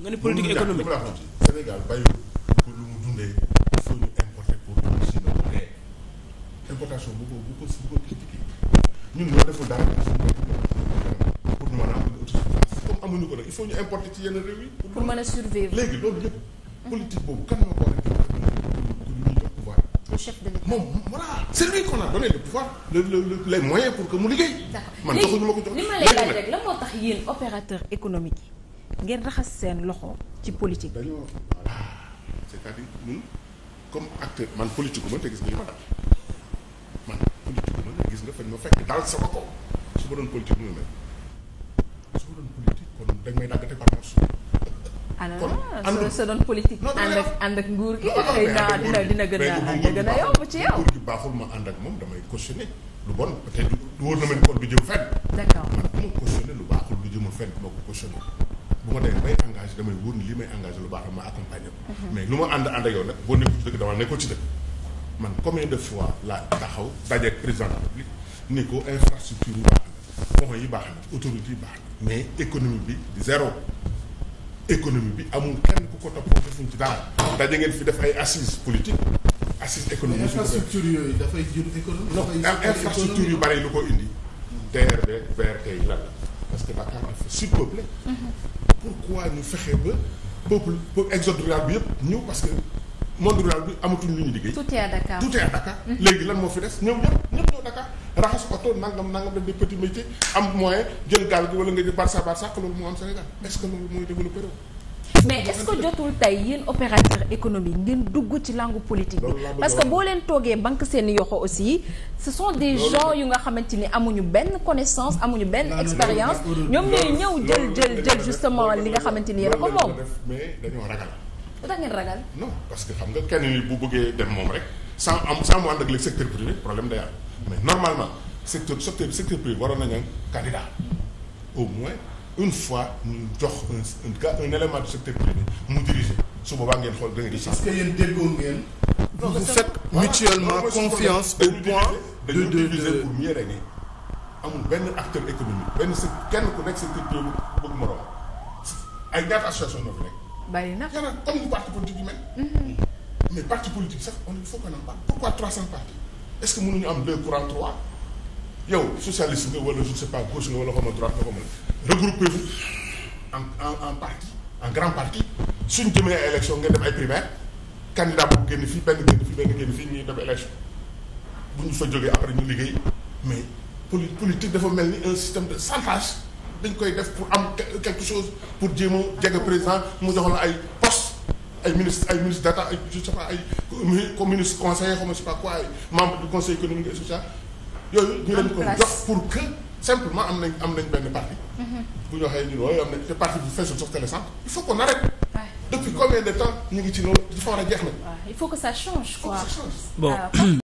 nga ne politique économique Sénégal bayu pour lu mu dundee il faut ñu importer bu ko bu ko bu ko critiqué ñun ñoo deful dara pour ñu a am amuñu ko nag il faut ñu importer ci yenn pour mën a survivre léegi loolu yëpp politique boobu kan moo ko rek ku ñuy jox pouvoir le chef de moom voilà c'est lui qu'on a donné le pouvoir le le les moyens pour que mu liggéey man joxuñu ma ko jox li ma lay laaj moo tax yéen opérateur économique yi ngeen raxas seen loxo ci politique. dañoo cest à comme acteur man politique gu gis nga li gis nga fañ ma fekk daal sama kaw su ma doon politique mu ne su ma doon politique kon dañ may dàggate par force. alors soo soo doon politique ànd ak ànd ak nguur gi xëy dina gën a dina gën a yomb ci yow. nguur gi baaxul ma ànd ak moom damay cautionné lu bon peut-être wóor na ma ni kon du jëm fenn. d'accord man bu ma cautionné lu baaxul lu jëmul fenn ma ko cautionné. bu ma demee bay engagé damay wóor ni lii may engagé lu baax la ma accompagné ko. Mhm. mais lu ma ànd ànd ak yow nag boo nekkul dëgg dama nekkul ci dëgg. man combien de fois la taxaw dajeeg président de la ni ko infrastructure yu baax na yi baax autorité yi baax mais économie bi zéro économie bi amul kenn ku ko toppoo defuñ ci dara daje ngeen fi def ay assises politiques assises économiques. infrastructure yooyu dafay jur économie. dafay infrastructure yu bëri lu ko indi. TRD hmm. BRT yi lan la. parce que Dakar dafa surpeuplé. pourquoi ñu fexe ba peuple pour exode rural bi yëpp ñëw parce que monde rural bi amatuñ lu ñu liggéey. tout est à Dakar tout Dakar. Mhm. léegi lan moo fi des ñoom ñëpp ñëpp ñëw Dakar raxas oto nangam nangam def des petits métiers am moyen jël gaal gi wala nga jël barça barça loolu moo am Sénégal est-ce que loolu mooy développé réew. mais est-ce que jotul tey yéen opérateur économie ngeen dugg ci langue politique bi parce que boo leen toogee banque seen yoxo aussi ce sont des gens yu nga xamante ni amuñu benn connaissance amuñu benn expérience ñoom ñooy ñëw jël jël jël justement li nga xamante ni yéen a ko moom mais dañoo ragal lu tax ngeen ragal non parce que xam nga kenn ni bu bëggee dem moom rek sans am sans mu ànd ak le secteur privé problème day am mais normalement secteur secteur privé waroon une fois mu jox un cas un élément du secteur privé mu diriger su boobaa ngeen xool da ngeen di. parce que yéen déggoo ngeen. donc vous faites mutuellement confiance au point de de de pour benn acteur économique benn kenn ku nekk secteur privé bu bëgg moroom ay ñaata association ñoo fi nekk. bari na xanaa comme ni parti politique yu mel. Mhm. mais parti politique sax on il ñu am pourquoi 300 partis est-ce courant trois yow socialiste nga wala je ne pas gauche nga wala xaw droite nga ko regroupé wu en en en partie en grand partie suñ jëmee ay élection ngeen dem ay primaire candidat boobu génn fii benn génn fii benn génn fii ñuy dem élection bu ñu fa jógee après ñu liggéey mais poli politique dafa mel ni un système de chantage dañ koy def pour am quelque chose pour jéem a jege président mu joxoon ay poste ay ministre ay ministre d'État ay je sais pas ay ministre conseiller xaw ma je sais ay membre du conseil économique et social yooyu ñu leen ko jox pour que simplement am nañ am nañ benn parti. Mhm. bu ñu waxee ñun waaye am nañ te parti bu feesul sax télécentre il faut qu'on arrête. depuis combien temps ñu ngi ci loolu dafa war a jeex na. il faut que ça change quoi. il